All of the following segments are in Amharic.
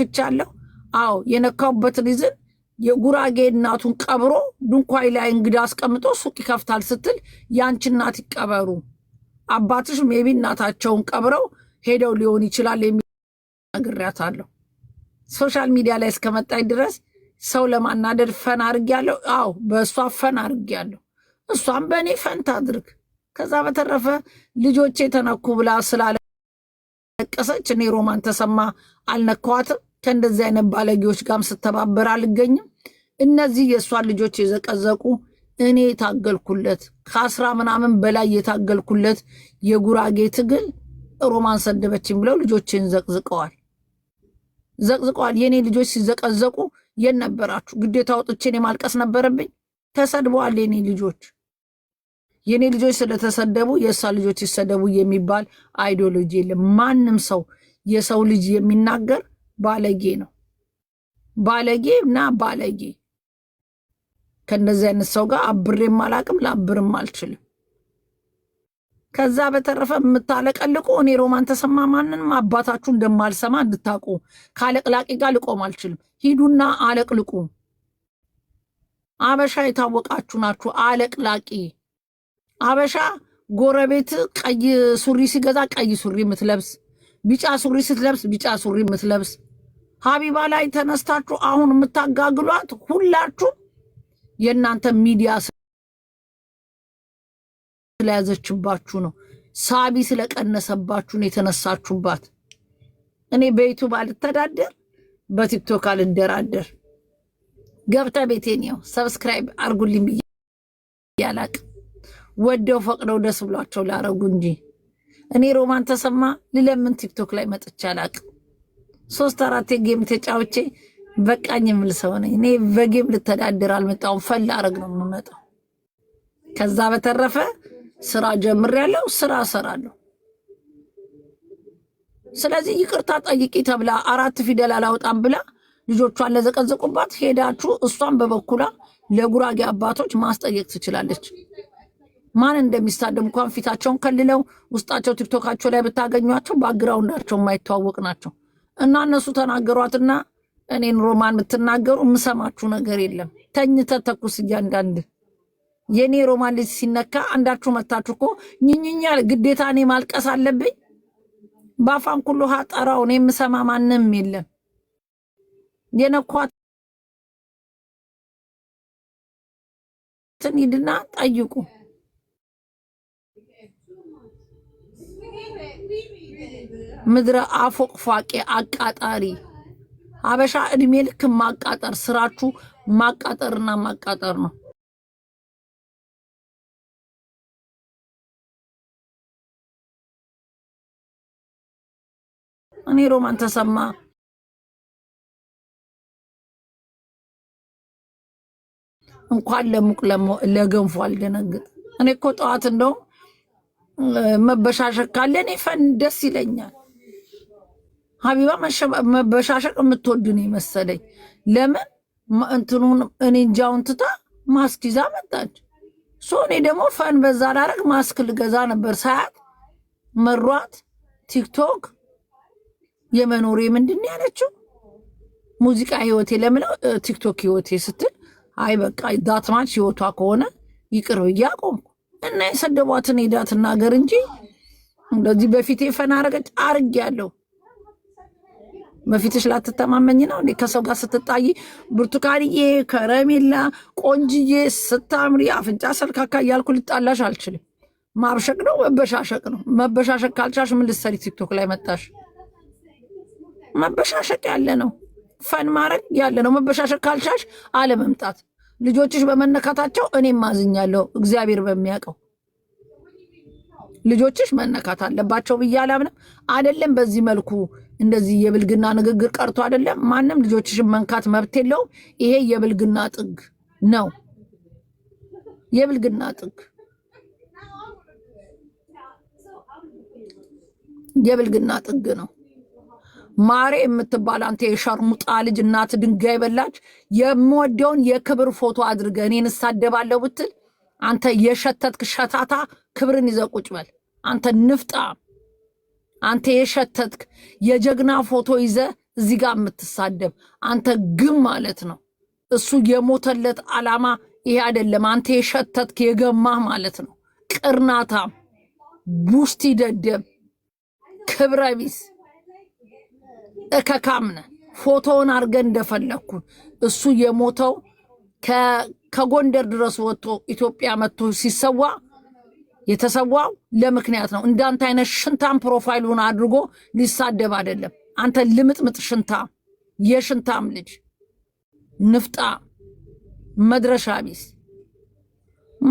ነክቻለሁ። አዎ የነካሁበት ሪዝን የጉራጌ እናቱን ቀብሮ ድንኳይ ላይ እንግዳ አስቀምጦ ሱቅ ይከፍታል ስትል የአንቺ እናት ይቀበሩ አባትሽ ሜቢ እናታቸውን ቀብረው ሄደው ሊሆን ይችላል የሚል ነግሬያታለሁ። ሶሻል ሚዲያ ላይ እስከመጣኝ ድረስ ሰው ለማናደድ ፈን አድርጌያለሁ። አዎ በእሷ ፈን አድርጌያለሁ። እሷም በእኔ ፈንታ አድርግ። ከዛ በተረፈ ልጆቼ ተነኩ ብላ ስላለቀሰች እኔ ሮማን ተሰማ አልነካዋትም። ከእንደዚህ አይነት ባለጌዎች ጋርም ስተባበር አልገኝም። እነዚህ የእሷን ልጆች የዘቀዘቁ እኔ የታገልኩለት ከአስራ ምናምን በላይ የታገልኩለት የጉራጌ ትግል ሮማን ሰደበችኝ ብለው ልጆችን ዘቅዝቀዋል ዘቅዝቀዋል። የእኔ ልጆች ሲዘቀዘቁ የት ነበራችሁ? ግዴታ ወጥቼ እኔ ማልቀስ ነበረብኝ። ተሰድበዋል የኔ ልጆች። የእኔ ልጆች ስለተሰደቡ የእሷ ልጆች ይሰደቡ የሚባል አይዲዮሎጂ የለም። ማንም ሰው የሰው ልጅ የሚናገር ባለጌ ነው። ባለጌ እና ባለጌ ከእንደዚህ አይነት ሰው ጋር አብሬም አላቅም፣ ላብርም አልችልም። ከዛ በተረፈ የምታለቀልቁ እኔ ሮማን ተሰማ ማንንም አባታችሁ እንደማልሰማ እንድታውቁ ከአለቅላቂ ጋር ልቆም አልችልም። ሂዱና አለቅልቁ። አበሻ የታወቃችሁ ናችሁ። አለቅላቂ አበሻ ጎረቤት ቀይ ሱሪ ሲገዛ ቀይ ሱሪ የምትለብስ ቢጫ ሱሪ ስትለብስ ቢጫ ሱሪ የምትለብስ ሀቢባ ላይ ተነስታችሁ አሁን የምታጋግሏት ሁላችሁ የእናንተ ሚዲያ ስለያዘችባችሁ ነው። ሳቢ ስለቀነሰባችሁ ነው የተነሳችሁባት። እኔ በዩቱብ አልተዳደር፣ በቲክቶክ አልደራደር። ገብተ ቤቴን ያው ሰብስክራይብ አርጉልኝ ብዬ ያላቅ ወደው ፈቅደው ደስ ብሏቸው ላረጉ እንጂ እኔ ሮማን ተሰማ ልለምን ቲክቶክ ላይ መጥቻ አላቅ ሶስት አራት ጌም ተጫውቼ በቃኝ የምል ሰው ነኝ እኔ። በጌም ልተዳደር አልመጣሁም። ፈል አረግ ነው የምመጣው። ከዛ በተረፈ ስራ ጀምሬያለሁ፣ ስራ እሰራለሁ። ስለዚህ ይቅርታ ጠይቂ ተብላ አራት ፊደል አላውጣም ብላ ልጆቿን ለዘቀዘቁባት ሄዳችሁ እሷን በበኩላ ለጉራጌ አባቶች ማስጠየቅ ትችላለች። ማን እንደሚሳደብ እንኳን ፊታቸውን ከልለው ውስጣቸው ቲክቶካቸው ላይ ብታገኟቸው ባግራውንዳቸው የማይተዋወቅ ናቸው። እና እነሱ ተናገሯትና እኔን ሮማን የምትናገሩ የምሰማችሁ ነገር የለም። ተኝተ ተኩስ እያንዳንድ የእኔ ሮማን ልጅ ሲነካ አንዳችሁ መታችሁ እኮ ኝኝኛል። ግዴታ እኔ ማልቀስ አለብኝ? በአፋን ኩሉ ጠራው እኔ የምሰማ ማንም የለም። የነኳትን ሂድና ጠይቁ። ምድረ አፎቅፋቄ አቃጣሪ አበሻ እድሜ ልክ ማቃጠር ስራችሁ ማቃጠርና ማቃጠር ነው። እኔ ሮማን ተሰማ እንኳን ለሙቅ ለገንፎ አልደነግጥ። እኔ እኮ ጠዋት እንደውም መበሻሸቅ ካለ እኔ ፈን ደስ ይለኛል። ሀቢባ መበሻሸቅ የምትወዱ ነው የመሰለኝ። ለምን እንትኑን እኔ እንጃውን ትታ ማስክ ይዛ መጣች። ሶ እኔ ደግሞ ፈን በዛ ላረግ ማስክ ልገዛ ነበር። ሳያት መሯት። ቲክቶክ የመኖሬ ምንድን ያለችው ሙዚቃ ህይወቴ ለምለው ቲክቶክ ህይወቴ ስትል አይ በቃ ዳትማች ህይወቷ ከሆነ ይቅር እያቆም እና የሰደቧትን ሄዳት እናገር እንጂ እንደዚህ በፊቴ ፈን አረገች አርግ ያለው በፊትሽ ላትተማመኝ ነው እንዴ? ከሰው ጋር ስትጣይ ብርቱካንዬ፣ ከረሜላ፣ ቆንጅዬ፣ ስታምሪ፣ አፍንጫ ሰልካካ እያልኩ ልጣላሽ አልችልም። ማብሸቅ ነው መበሻሸቅ ነው። መበሻሸቅ ካልቻልሽ ምን ልትሰሪ ቲክቶክ ላይ መጣሽ? መበሻሸቅ ያለ ነው፣ ፈን ማድረግ ያለ ነው። መበሻሸቅ ካልቻልሽ አለመምጣት። ልጆችሽ በመነካታቸው እኔም ማዝኛለሁ፣ እግዚአብሔር በሚያውቀው ልጆችሽ መነካት አለባቸው ብዬ አላምንም። አይደለም በዚህ መልኩ እንደዚህ የብልግና ንግግር ቀርቶ አይደለም። ማንም ልጆችሽን መንካት መብት የለውም። ይሄ የብልግና ጥግ ነው። የብልግና ጥግ የብልግና ጥግ ነው። ማሬ የምትባል አንተ የሸርሙጣ ልጅ እናት ድንጋይ በላች። የምወደውን የክብር ፎቶ አድርገ እኔን እሳደባለሁ ብትል አንተ የሸተትክ ሸታታ ክብርን ይዘ ቁጭ በል አንተ ንፍጣም አንተ የሸተትክ የጀግና ፎቶ ይዘ እዚህ ጋር የምትሳደብ አንተ ግን ማለት ነው። እሱ የሞተለት ዓላማ ይሄ አይደለም። አንተ የሸተትክ የገማህ ማለት ነው። ቅርናታም፣ ቡስቲ፣ ደደብ፣ ክብረቢስ እከካምነ ፎቶውን አድርገ እንደፈለግኩ እሱ የሞተው ከጎንደር ድረስ ወጥቶ ኢትዮጵያ መጥቶ ሲሰዋ የተሰዋው ለምክንያት ነው። እንዳንተ አይነት ሽንታም ፕሮፋይሉን አድርጎ ሊሳደብ አይደለም። አንተ ልምጥምጥ ሽንታም፣ የሽንታም ልጅ ንፍጣ፣ መድረሻ ቢስ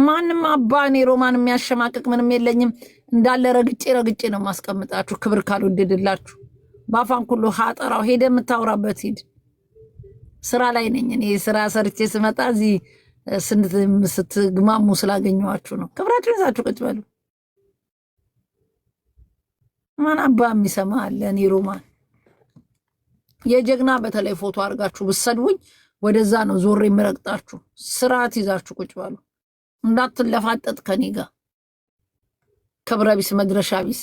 ማንም እኔ ሮማን የሚያሸማቅቅ ምንም የለኝም። እንዳለ ረግጬ ረግጬ ነው ማስቀምጣችሁ። ክብር ካልወደድላችሁ በአፋን ሁሉ ሀጠራው ሄደ የምታውራበት ሂድ። ስራ ላይ ነኝ እኔ ስራ ሰርቼ ስመጣ እዚህ ስንት ስትግማሙ ስላገኘዋችሁ ነው። ክብራችሁን ይዛችሁ ቁጭ በሉ። ማን አባ የሚሰማ አለ? እኔ ሮማን የጀግና በተለይ ፎቶ አድርጋችሁ ብሰድቡኝ ወደዛ ነው ዞር የሚረግጣችሁ። ስርዓት ይዛችሁ ቁጭ በሉ። እንዳትለፋጠጥ ከኔ ጋር ክብረ ቢስ መድረሻ ቢስ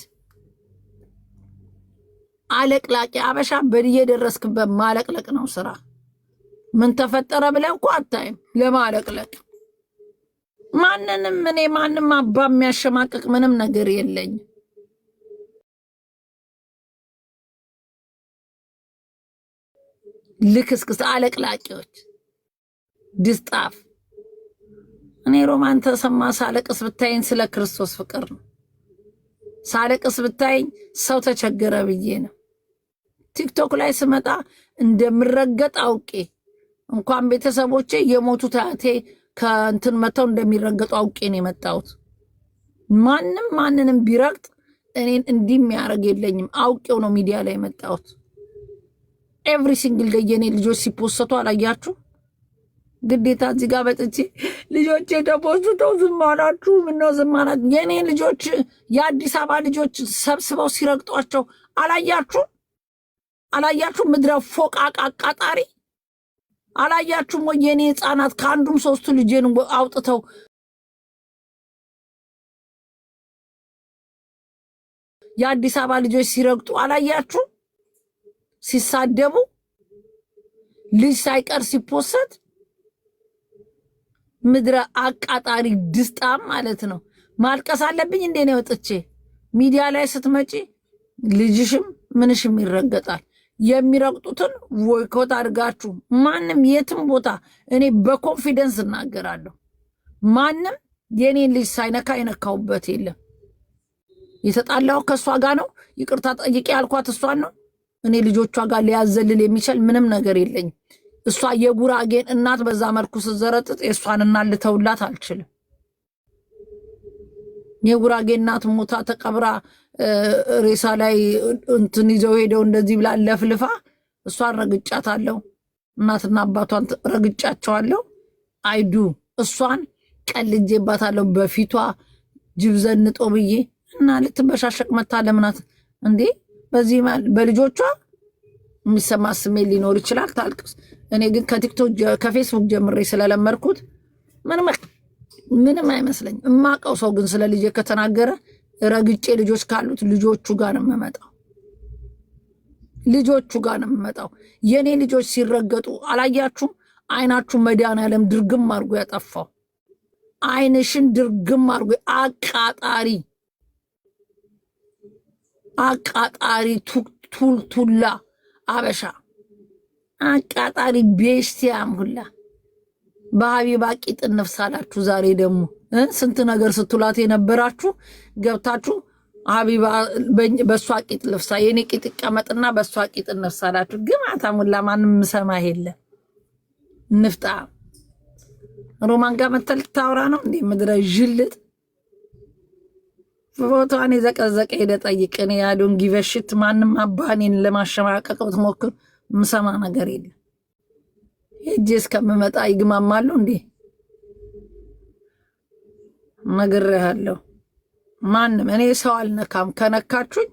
አለቅላቂ አበሻ በድዬ የደረስክበት ማለቅለቅ ነው ስራ ምን ተፈጠረ ብለህ እኮ አታይም። ለማለቅለቅ ማንንም እኔ ማንም አባ የሚያሸማቅቅ ምንም ነገር የለኝም። ልክስክስ አለቅላቂዎች ድስጣፍ እኔ ሮማን ተሰማ ሳለቅስ ብታይኝ ስለ ክርስቶስ ፍቅር ነው። ሳለቅስ ብታይኝ ሰው ተቸገረ ብዬ ነው። ቲክቶክ ላይ ስመጣ እንደምረገጥ አውቄ እንኳን ቤተሰቦቼ የሞቱት አያቴ ከእንትን መተው እንደሚረገጡ አውቄ ነው የመጣሁት። ማንም ማንንም ቢረግጥ እኔን እንዲህ የሚያደርግ የለኝም። አውቄው ነው ሚዲያ ላይ የመጣሁት። ኤቭሪ ሲንግል ደይ የኔ ልጆች ሲፖሰቱ አላያችሁ? ግዴታ እዚህ ጋር በጥቼ ልጆቼ ተፖስቶ ዝም አላችሁ፣ ምነው ዝም አላችሁ? የኔ ልጆች የአዲስ አበባ ልጆች ሰብስበው ሲረግጧቸው አላያችሁ? አላያችሁ? ምድረ ፎቅ አቃጣሪ አላያችሁም ወይ? የኔ ህፃናት ከአንዱም ሶስቱ ልጄን አውጥተው የአዲስ አበባ ልጆች ሲረግጡ አላያችሁ? ሲሳደቡ ልጅ ሳይቀር ሲፖሰት ምድረ አቃጣሪ ድስጣም ማለት ነው። ማልቀስ አለብኝ እንዴ ነው ወጥቼ ሚዲያ ላይ ስትመጪ ልጅሽም ምንሽም ይረገጣል። የሚረግጡትን ቦይኮት አድርጋችሁ ማንም የትም ቦታ እኔ በኮንፊደንስ እናገራለሁ። ማንም የኔን ልጅ ሳይነካ የነካውበት የለም። የተጣላው ከእሷ ጋር ነው። ይቅርታ ጠይቄ ያልኳት እሷን ነው። እኔ ልጆቿ ጋር ሊያዘልል የሚችል ምንም ነገር የለኝም። እሷ የጉራጌን እናት በዛ መልኩ ስዘረጥጥ የእሷን እናት ልተውላት አልችልም። የጉራጌ እናት ሞታ ተቀብራ ሬሳ ላይ እንትን ይዘው ሄደው እንደዚህ ብላ ለፍልፋ እሷን ረግጫታለሁ። እናትና አባቷን ረግጫቸዋለሁ። አይዱ እሷን ቀልጄባታለሁ በፊቷ ጅብ ዘንጦ ብዬ እና ልትበሻሸቅ መታ ለምናት እንዴ! በዚህ በልጆቿ የሚሰማ ስሜት ሊኖር ይችላል፣ ታልቅስ። እኔ ግን ከቲክቶክ ከፌስቡክ ጀምሬ ስለለመድኩት ምንም ምንም አይመስለኝ እማቀው ሰው ግን ስለ ልጄ ከተናገረ ረግጬ ልጆች ካሉት ልጆቹ ጋር ነው የምመጣው። ልጆቹ ጋር ነው የምመጣው። የእኔ ልጆች ሲረገጡ አላያችሁም? አይናችሁን መድኃኒዓለም ድርግም አድርጎ ያጠፋው አይንሽን ድርግም አድርጎ አቃጣሪ አቃጣሪ ቱልቱላ አበሻ አቃጣሪ ቤስቲያም ሁላ በሀቢባ ቂጥ እንፍሳላችሁ። ዛሬ ደግሞ ስንት ነገር ስትላት የነበራችሁ ገብታችሁ ሀቢባ በእሷ ቂጥ ልፍሳ፣ የኔ ቂጥ ይቀመጥና በእሷ ቂጥ እንፍሳላችሁ። ግን አታሙላ ማንም ምሰማ የለ ንፍጣ ሮማን ጋር መተል ታውራ ነው እንዴ? ምድረ ዥልጥ ፎቶዋን የዘቀዘቀ ሄደ ጠይቅን። ያዶን ጊቨሽት ማንም አባኔን ለማሸማቀቅ ብትሞክር ምሰማ ነገር የለም። ሄጄ እስከምመጣ ይግማማሉ እንዴ? ነግሬሃለሁ። ማንም እኔ ሰው አልነካም። ከነካችሁኝ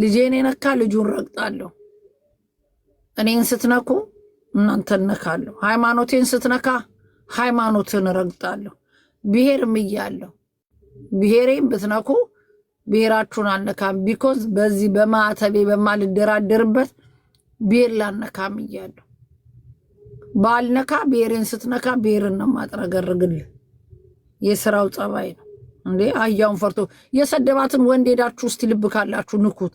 ልጄን የነካ ልጁን ረግጣለሁ። እኔን ስትነኩ እናንተን ነካለሁ። ሃይማኖቴን ስትነካ ሃይማኖትን ረግጣለሁ። ብሔር ምያለሁ። ብሔሬን ብትነኩ ብሔራችሁን አልነካም። ቢኮዝ በዚህ በማዕተቤ በማልደራደርበት ብሔር ላልነካም እያለሁ ባልነካ ብሔርን ስትነካ ብሔርን ነው ማጥረገርግል። የስራው ጸባይ ነው እንዴ? አያውን ፈርቶ የሰደባትን ወንድ ሄዳችሁ ውስጥ ልብ ካላችሁ ንኩት።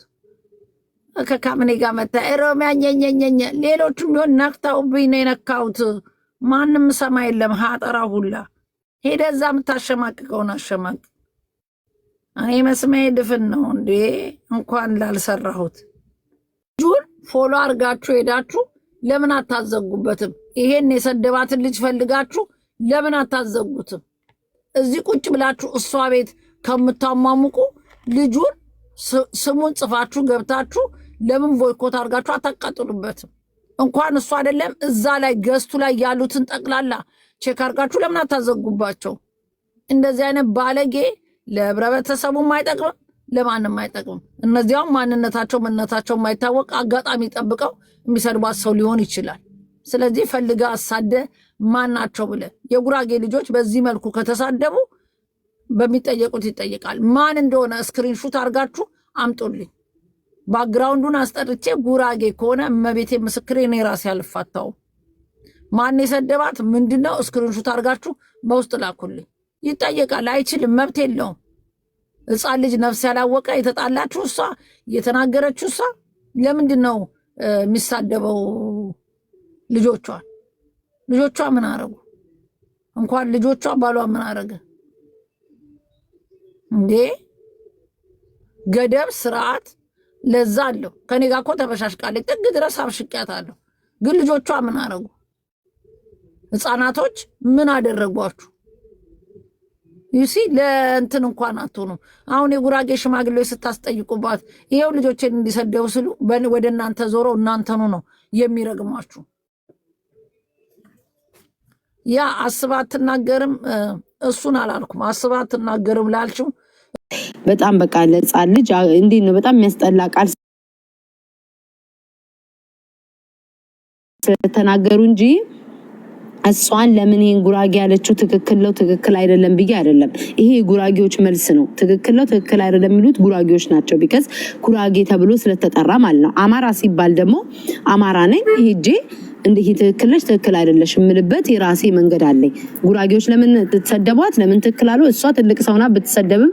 ከካምኔ ጋር መታ ሮሚያኘኘኘኘ ሌሎችም ቢሆን ነክተውብኝ ነው የነካሁት። ማንም ሰማ የለም ሀጠራ ሁላ ሄደ እዛ የምታሸማቅቀውን አሸማቅ። እኔ መስማዬ ድፍን ነው እንዴ? እንኳን ላልሰራሁት ጁን ፎሎ አርጋችሁ ሄዳችሁ ለምን አታዘጉበትም? ይሄን የሰደባትን ልጅ ፈልጋችሁ ለምን አታዘጉትም? እዚህ ቁጭ ብላችሁ እሷ ቤት ከምታሟሙቁ ልጁን ስሙን ጽፋችሁ ገብታችሁ ለምን ቦይኮት አድርጋችሁ አታቃጥሉበትም? እንኳን እሱ አይደለም እዛ ላይ ገዝቱ ላይ ያሉትን ጠቅላላ ቼክ አድርጋችሁ ለምን አታዘጉባቸው? እንደዚህ አይነት ባለጌ ለህብረተሰቡም አይጠቅምም፣ ለማንም አይጠቅምም። እነዚያውም ማንነታቸው ምንነታቸው የማይታወቅ አጋጣሚ ጠብቀው የሚሰድባት ሰው ሊሆን ይችላል። ስለዚህ ፈልገ አሳደ ማን ናቸው ብለ የጉራጌ ልጆች በዚህ መልኩ ከተሳደቡ በሚጠየቁት ይጠይቃል። ማን እንደሆነ ስክሪንሹት አድርጋችሁ አምጡልኝ። ባክግራውንዱን አስጠርቼ ጉራጌ ከሆነ እመቤቴ ምስክሬ እኔ ራሴ አልፋታው። ማን የሰደባት ምንድነው? ስክሪንሹት አድርጋችሁ በውስጥ ላኩልኝ። ይጠየቃል። አይችልም፣ መብት የለውም። ሕፃን ልጅ ነፍስ ያላወቀ የተጣላችሁ እሷ የተናገረችው እሷ ለምንድን ነው የሚሳደበው? ልጆቿ ልጆቿ ምን አረጉ? እንኳን ልጆቿ ባሏ ምን አረገ እንዴ? ገደብ ስርዓት ለዛ አለው ከኔ ጋር እኮ ተበሻሽቃለች፣ ጥግ ድረስ አለው ግን ልጆቿ ምን አረጉ? ህፃናቶች ምን አደረጓችሁ? ዩሲ ለእንትን እንኳን አትሆኑ። አሁን የጉራጌ ሽማግሌዎች ስታስጠይቁባት ይኸው ልጆችን እንዲሰደቡ ስሉ ወደ እናንተ ዞሮ እናንተኑ ነው የሚረግሟችሁ። ያ አስባ አትናገርም፣ እሱን አላልኩም። አስባ አትናገርም ላልችው በጣም በቃ ለጻን ልጅ እንዴት ነው በጣም የሚያስጠላ ቃል ስለተናገሩ እንጂ እሷን ለምን ይህን ጉራጌ ያለችው ትክክል ነው ትክክል አይደለም ብዬ አይደለም። ይሄ የጉራጌዎች መልስ ነው። ትክክል ነው ትክክል አይደለም የሚሉት ጉራጌዎች ናቸው። ቢከዝ ጉራጌ ተብሎ ስለተጠራ ማለት ነው። አማራ ሲባል ደግሞ አማራ ነኝ ሄጄ እንዲህ ትክክል ነች ትክክል አይደለሽ የምልበት የራሴ መንገድ አለኝ። ጉራጌዎች ለምን ትሰደቧት? ለምን ትክክል አሉ? እሷ ትልቅ ሰውና ብትሰደብም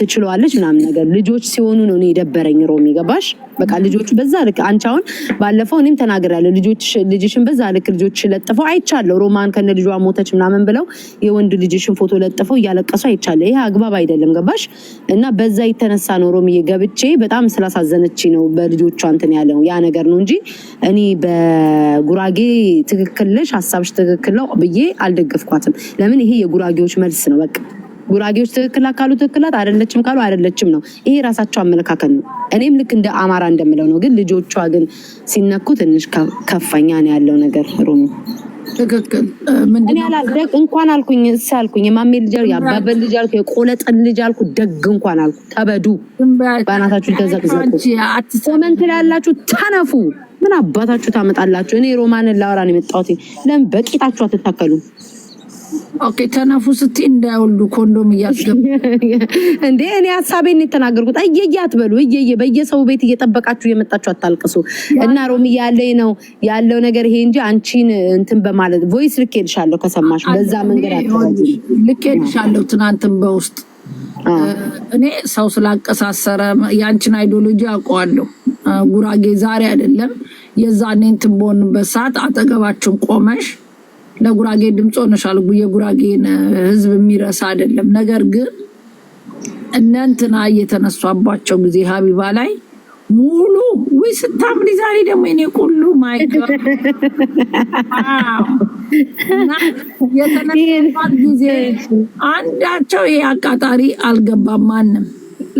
ትችለዋለች ምናምን ነገር ልጆች ሲሆኑ ነው የደበረኝ ሮሚ ገባሽ? በቃ ልጆቹ በዛ ልክ አንቺ አሁን ባለፈው እኔም ተናግሬያለሁ። ልጅሽን በዛ ልክ ልጆች ለጥፈው አይቻለሁ። ሮማን ከነ ልጇ ሞተች ምናምን ብለው የወንድ ልጅሽን ፎቶ ለጥፈው እያለቀሱ አይቻለ። ይህ አግባብ አይደለም። ገባሽ? እና በዛ የተነሳ ነው ሮምዬ ገብቼ በጣም ስላሳዘነች ነው በልጆቿ እንትን ያለው ያ ነገር ነው እንጂ እኔ በጉራጌ ትክክል ሀሳብሽ ትክክል ነው ብዬ አልደገፍኳትም። ለምን ይሄ የጉራጌዎች መልስ ነው በቃ ጉራጌዎች ትክክል ካሉ ትክክላት አይደለችም ካሉ አይደለችም ነው። ይሄ የራሳቸው አመለካከት ነው። እኔም ልክ እንደ አማራ እንደምለው ነው። ግን ልጆቿ ግን ሲነኩ ትንሽ ከፋኛ ነው ያለው ነገር ሮሚ ትክክል እንኳን አልኩኝ እስ አልኩኝ የማሜ ልጅ አልኩ የአባበል ልጅ አልኩ የቆለጠን ልጅ አልኩ ደግ እንኳን አልኩ። ተበዱ በአናታችሁ ተዘቅዘቁ። ኮመንት ላይ ያላችሁ ተነፉ። ምን አባታችሁ ታመጣላችሁ? እኔ ሮማንን ላወራን ነው የመጣሁት። ለምን በቂጣችሁ አትታከሉ? ኦኬ ተነፉ ስትይ እንዳይወልዱ ኮንዶም እያስገቡ እንዴ! እኔ ሀሳቤን የተናገርኩት እየየ አትበሉ። እየየ በየሰው ቤት እየጠበቃችሁ የመጣችሁ አታልቅሱ። እና ሮሚ ያለኝ ነው ያለው ነገር ይሄ እንጂ አንቺን እንትን በማለት ቮይስ ልኬልሻለሁ። ከሰማሽ በዛ መንገድ ልኬልሻለሁ። ትናንትን በውስጥ እኔ ሰው ስላቀሳሰረ የአንቺን አይዲዮሎጂ አውቀዋለሁ። ጉራጌ ዛሬ አይደለም የዛኔ እንትን በሆንበት ሰዓት አጠገባችን ቆመሽ ለጉራጌ ድምፅ ሆነሻል። የጉራጌን ህዝብ የሚረሳ አይደለም። ነገር ግን እነንትና እየተነሷባቸው ጊዜ ሀቢባ ላይ ሙሉ ወይ ስታምሪ ዛሬ ደግሞ እኔ ቁሉ የተነሷት ጊዜ አንዳቸው ይሄ አቃጣሪ አልገባም ማንም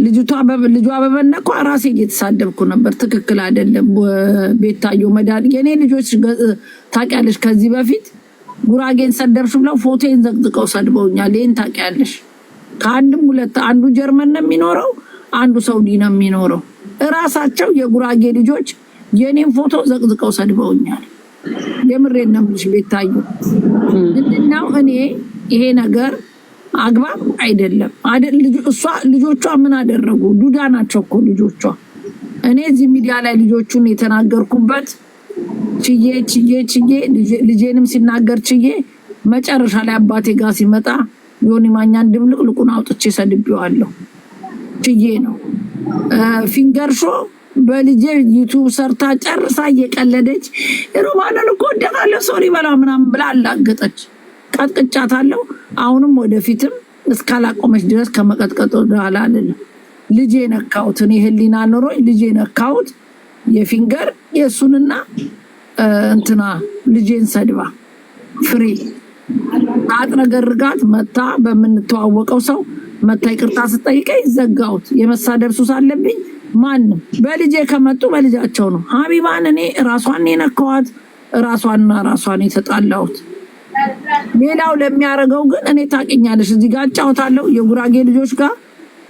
ልጅቷ ልጇ በበነኳ ራሴ እየተሳደብኩ ነበር። ትክክል አይደለም። ቤታየው መዳን የእኔ ልጆች ታውቂያለሽ ከዚህ በፊት ጉራጌን ሰደብሽ ብለው ፎቶን ዘቅዝቀው ሰድበውኛል። ይህን ታውቂያለሽ። ከአንድም ሁለት አንዱ ጀርመን ነው የሚኖረው፣ አንዱ ሰውዲ ነው የሚኖረው። እራሳቸው የጉራጌ ልጆች የኔን ፎቶ ዘቅዝቀው ሰድበውኛል። የምሬን ነው የምልሽ ቤታዩ። ምንድነው እኔ ይሄ ነገር አግባብ አይደለም። እሷ ልጆቿ ምን አደረጉ? ዱዳ ናቸው እኮ ልጆቿ። እኔ እዚህ ሚዲያ ላይ ልጆቹን የተናገርኩበት ችዬ ችዬ ችዬ ልጄንም ሲናገር ችዬ መጨረሻ ላይ አባቴ ጋር ሲመጣ ዮኒ ማኛን ድብልቅልቁን አውጥቼ ሰድቤዋለሁ። ችዬ ነው ፊንገርሾ በልጄ ዩቱብ ሰርታ ጨርሳ እየቀለደች ሮማንን እኮ ወደታለሁ ሶሪ በላ ምናምን ብላ አላገጠች። ቀጥቅጫታለሁ። አሁንም ወደፊትም እስካላቆመች ድረስ ከመቀጥቀጥ ወደኋላ አልልም። ልጄ ነካሁት። እኔ ህሊና ኖሮኝ ልጄ ነካሁት የፊንገር የእሱንና እንትና ልጄን ሰድባ ፍሬ አጥረገርጋት መታ በምንተዋወቀው ሰው መታ ይቅርታ ስጠይቀኝ ዘጋሁት። የመሳደብ ሱስ አለብኝ። ማንም በልጄ ከመጡ በልጃቸው ነው። ሀቢባን እኔ ራሷን የነካዋት ራሷንና ራሷን የተጣላሁት። ሌላው ለሚያደርገው ግን እኔ ታውቂኛለሽ፣ እዚህ ጋር እጫወታለሁ የጉራጌ ልጆች ጋር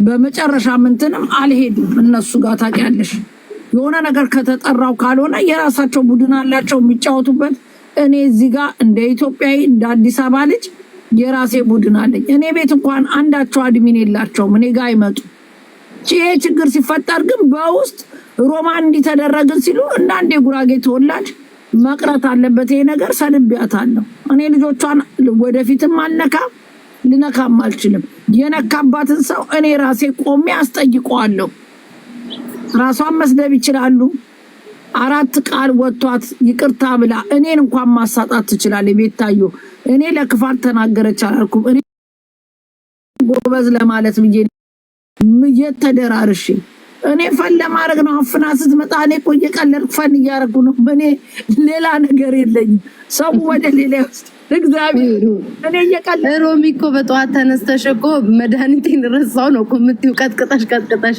በመጨረሻ ምንትንም አልሄድም እነሱ ጋር ታውቂያለሽ። የሆነ ነገር ከተጠራው ካልሆነ የራሳቸው ቡድን አላቸው የሚጫወቱበት። እኔ እዚህ ጋር እንደ ኢትዮጵያዊ እንደ አዲስ አበባ ልጅ የራሴ ቡድን አለኝ። እኔ ቤት እንኳን አንዳቸው አድሚን የላቸውም፣ እኔ ጋር አይመጡ። ይሄ ችግር ሲፈጠር ግን በውስጥ ሮማ እንዲተደረግን ሲሉ እንዳንድ የጉራጌ ተወላጅ መቅረት አለበት። ይሄ ነገር ሰንቢያታለሁ። እኔ ልጆቿን ወደፊትም አልነካም፣ ልነካም አልችልም። የነካባትን ሰው እኔ ራሴ ቆሜ አስጠይቀዋለሁ። ራሷን መስደብ ይችላሉ። አራት ቃል ወጥቷት ይቅርታ ብላ እኔን እንኳን ማሳጣት ትችላለች። ቤታዮ እኔ ለክፋት ተናገረች አላልኩም። እኔ ጎበዝ ለማለት ብዬ ተደራርሽ እኔ ፈን ለማድረግ ነው። አፍና ስትመጣ እኔ እኮ እየቀለድኩ ፈን እያደረጉ ነው። እኔ ሌላ ነገር የለኝም። ሰው ወደ ሌላ ውስጥ እግዚአብሔር እኔ እየቀለድኩ ሮሚ እኮ በጠዋት ተነስተሽ እኮ መድኃኒቴን ረሳው ነው እኮ የምትይው። ቀጥቅጠሽ ቀጥቅጠሽ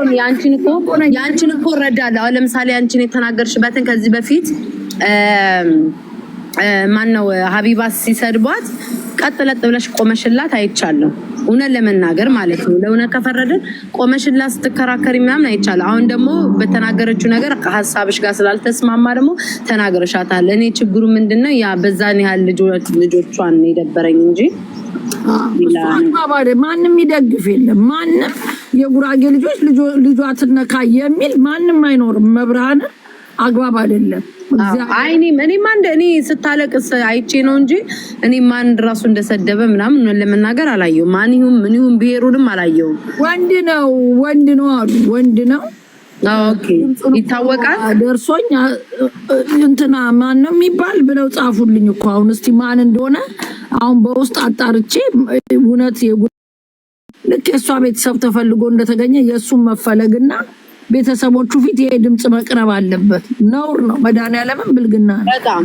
ሮሚ አንቺን እኮ የአንቺን እኮ እረዳለሁ። አሁን ለምሳሌ አንቺን የተናገርሽበትን ከዚህ በፊት ማን ነው ሀቢባ ሲሰድቧት ቀጥ ብለሽ ቆመሽላት አይቻለሁ። እውነት ለመናገር ማለት ነው ለእውነት ከፈረድን ቆመሽላት ስትከራከሪ ምናምን አይቻለሁ። አሁን ደግሞ በተናገረችው ነገር ከሀሳብሽ ጋር ስላልተስማማ ደግሞ ተናግረሻታል። እኔ ችግሩ ምንድን ነው ያ በዛን ያህል ልጆቿን የደበረኝ እንጂ ማንም ይደግፍ የለም ማንም የጉራጌ ልጆች ልጇ ትነካ የሚል ማንም አይኖርም። መብርሃንን አግባብ አይደለም። አይ እኔማ እንደ እኔ ስታለቅስ አይቼ ነው እንጂ እኔ ማን ራሱ እንደሰደበ ምናምን ለመናገር አላየው። ማን ይሁን ምን ይሁን ብሔሩንም አላየሁም። ወንድ ነው ወንድ ነው አሉ ወንድ ነው ይታወቃል። ደርሶኝ እንትና ማን ነው የሚባል ብለው ጻፉልኝ እኮ አሁን እስቲ ማን እንደሆነ አሁን በውስጥ አጣርቼ እውነት ልክ የእሷ ቤተሰብ ተፈልጎ እንደተገኘ የእሱን መፈለግና ቤተሰቦቹ ፊት ይሄ ድምፅ መቅረብ አለበት። ነውር ነው። መድኃኒዓለምን ብልግና ነው። በጣም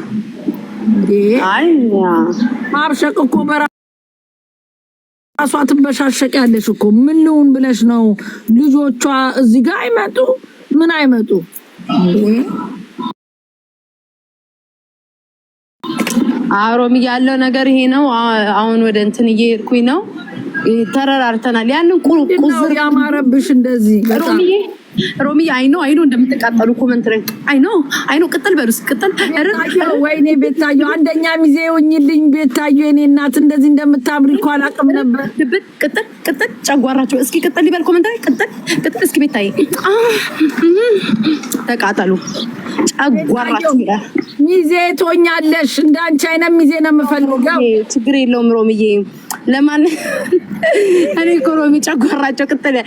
ማብሸቅ እኮ በራሷ ትበሻሸቅ ያለሽ እኮ ምን ልሁን ብለሽ ነው? ልጆቿ እዚህ ጋር አይመጡ ምን አይመጡ አሮም ያለው ነገር ይሄ ነው። አሁን ወደ እንትን እየሄድኩኝ ነው። ተረራርተናል። ያንን ቁዝር ያማረብሽ እንደዚህ ሮሚ አይኖ አይኖ እንደምትቃጠሉ ኮመንት ላይ አይኖ አይኖ ቅጥል በሉስ ቅጥል። ወይኔ ቤታዩ አንደኛ ሚዜ ሆኝልኝ ቤታዩ የኔ እናት እንደዚህ እንደምታምሪ እኮ አላውቅም ነበር። ቅጥል ቅጥል ጨጓራቸው እስኪ ቅጥል ሊበል ኮመንት ላይ ቅጥል ቅጥል። እስኪ ቤታዬ ተቃጠሉ ጨጓራቸው ሚዜ ትሆኛለሽ። እንዳንቺ አይነት ሚዜ ነው የምፈልገው። ችግር የለውም ሮሚዬ ለማን እኔ ኮሮሚ ጨጓራቸው ቅጠለ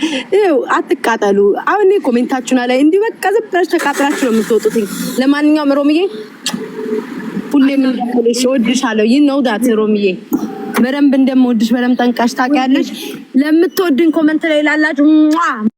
ይው አትቃጠሉ። አሁን እኔ ኮሜንታችሁና ላይ እንዲህ በቃ ዝም ብላችሁ ተቃጥላችሁ ነው የምትወጡት። ለማንኛውም ሮምዬ ሁሌ ምን ልሽ እወድሻለሁ። ይህ ነው ዳት ሮምዬ በደንብ እንደምወድሽ በደንብ ጠንቃሽ ታውቂያለሽ። ለምትወድን ኮመንት ላይ ላላችሁ